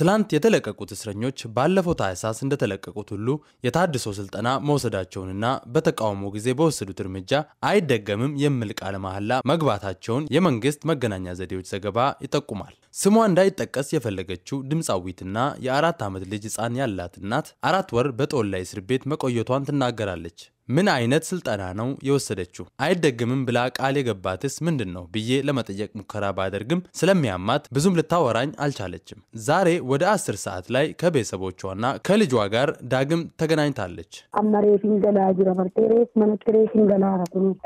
ትላንት የተለቀቁት እስረኞች ባለፈው ታህሳስ እንደተለቀቁት ሁሉ የታድሶ ስልጠና መውሰዳቸውንና በተቃውሞ ጊዜ በወሰዱት እርምጃ አይደገምም የሚል ቃለ መሐላ መግባታቸውን የመንግስት መገናኛ ዘዴዎች ዘገባ ይጠቁማል። ስሟ እንዳይጠቀስ የፈለገችው ድምፃዊትና የአራት ዓመት ልጅ ህፃን ያላት እናት አራት ወር በጦላይ እስር ቤት መቆየቷን ትናገራለች። ምን አይነት ስልጠና ነው የወሰደችው? አይደግምም ብላ ቃል የገባትስ ምንድን ነው ብዬ ለመጠየቅ ሙከራ ባደርግም ስለሚያማት ብዙም ልታወራኝ አልቻለችም። ዛሬ ወደ አስር ሰዓት ላይ ከቤተሰቦቿና ከልጇ ጋር ዳግም ተገናኝታለች።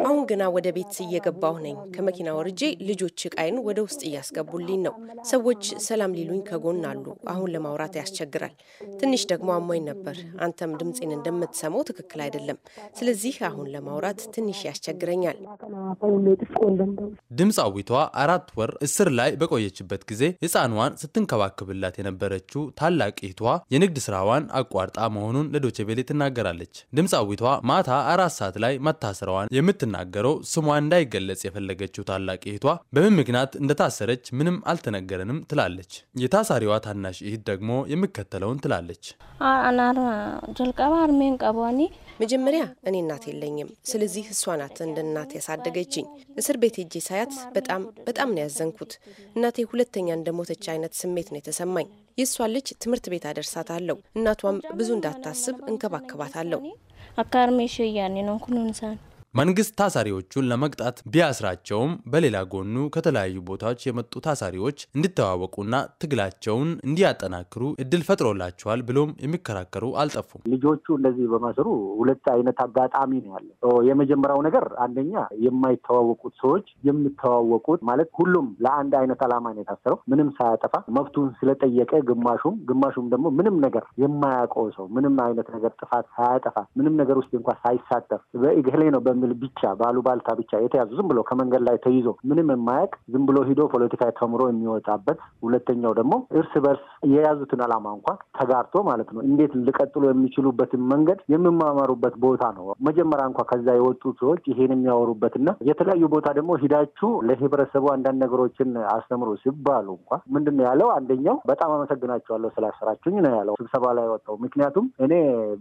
አሁን ግና ወደ ቤት እየገባሁ ነኝ። ከመኪና ወርጄ ልጆች እቃይን ወደ ውስጥ እያስገቡልኝ ነው። ሰዎች ሰላም ሊሉኝ ከጎን አሉ። አሁን ለማውራት ያስቸግራል። ትንሽ ደግሞ አሞኝ ነበር። አንተም ድምፄን እንደምትሰማው ትክክል አይደለም። ስለዚህ አሁን ለማውራት ትንሽ ያስቸግረኛል። ድምፃዊቷ አራት ወር እስር ላይ በቆየችበት ጊዜ ሕፃኗን ስትንከባክብላት የነበረችው ታላቅ እህቷ የንግድ ስራዋን አቋርጣ መሆኑን ለዶቼቬሌ ትናገራለች። ድምፃዊቷ ማታ አራት ሰዓት ላይ መታሰሯዋን የምትናገረው ስሟ እንዳይገለጽ የፈለገችው ታላቅ እህቷ በምን ምክንያት እንደታሰረች ምንም አልተነገረንም ትላለች። የታሳሪዋ ታናሽ እህት ደግሞ የሚከተለውን ትላለች። መጀመሪያ እኔ እናት የለኝም። ስለዚህ እሷ ናት እንደ እናት ያሳደገችኝ። እስር ቤት ሄጄ ሳያት በጣም በጣም ነው ያዘንኩት። እናቴ ሁለተኛ እንደ ሞተች አይነት ስሜት ነው የተሰማኝ። የእሷ ልጅ ትምህርት ቤት አደርሳት አለው። እናቷም ብዙ እንዳታስብ እንከባከባት አለው። አካርሜሽ ያኔ ነው ኩኑንሳን መንግስት ታሳሪዎቹን ለመቅጣት ቢያስራቸውም በሌላ ጎኑ ከተለያዩ ቦታዎች የመጡ ታሳሪዎች እንዲተዋወቁና ትግላቸውን እንዲያጠናክሩ እድል ፈጥሮላቸዋል ብሎም የሚከራከሩ አልጠፉም። ልጆቹ እንደዚህ በማሰሩ ሁለት አይነት አጋጣሚ ነው ያለ። የመጀመሪያው ነገር አንደኛ የማይተዋወቁት ሰዎች የምተዋወቁት ማለት ሁሉም ለአንድ አይነት አላማ ነው የታሰረው ምንም ሳያጠፋ መብቱን ስለጠየቀ ግማሹም ግማሹም ደግሞ ምንም ነገር የማያውቀው ሰው ምንም አይነት ነገር ጥፋት ሳያጠፋ ምንም ነገር ውስጥ እንኳ ሳይሳተፍ በእግሌ ነው በሚል ብቻ ባሉባልታ ብቻ የተያዙ ዝም ብሎ ከመንገድ ላይ ተይዞ ምንም የማያውቅ ዝም ብሎ ሂዶ ፖለቲካ ተምሮ የሚወጣበት፣ ሁለተኛው ደግሞ እርስ በርስ የያዙትን ዓላማ እንኳ ተጋርቶ ማለት ነው እንዴት ሊቀጥሉ የሚችሉበትን መንገድ የምማማሩበት ቦታ ነው። መጀመሪያ እንኳ ከዛ የወጡ ሰዎች ይሄን የሚያወሩበትና የተለያዩ ቦታ ደግሞ ሂዳችሁ ለህብረተሰቡ አንዳንድ ነገሮችን አስተምሩ ሲባሉ እንኳ ምንድን ነው ያለው? አንደኛው በጣም አመሰግናቸዋለሁ ስላሰራችሁኝ ነው ያለው ስብሰባ ላይ ወጣው። ምክንያቱም እኔ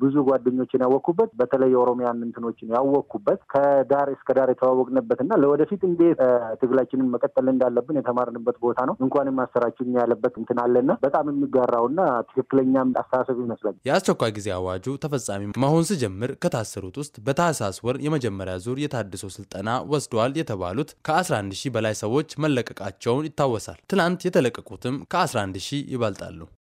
ብዙ ጓደኞችን ያወቅኩበት በተለይ የኦሮሚያን እንትኖችን ያወቅኩበት ከዳር እስከ ዳር የተዋወቅንበት እና ለወደፊት እንዴት ትግላችንን መቀጠል እንዳለብን የተማርንበት ቦታ ነው። እንኳንም አሰራችን ያለበት እንትን አለና በጣም የሚጋራውና ትክክለኛም አስተሳሰብ ይመስላል። የአስቸኳይ ጊዜ አዋጁ ተፈጻሚ መሆን ሲጀምር ከታሰሩት ውስጥ በታህሳስ ወር የመጀመሪያ ዙር የታድሶ ስልጠና ወስደዋል የተባሉት ከ11 ሺህ በላይ ሰዎች መለቀቃቸውን ይታወሳል። ትናንት የተለቀቁትም ከ11 ሺህ ይበልጣሉ።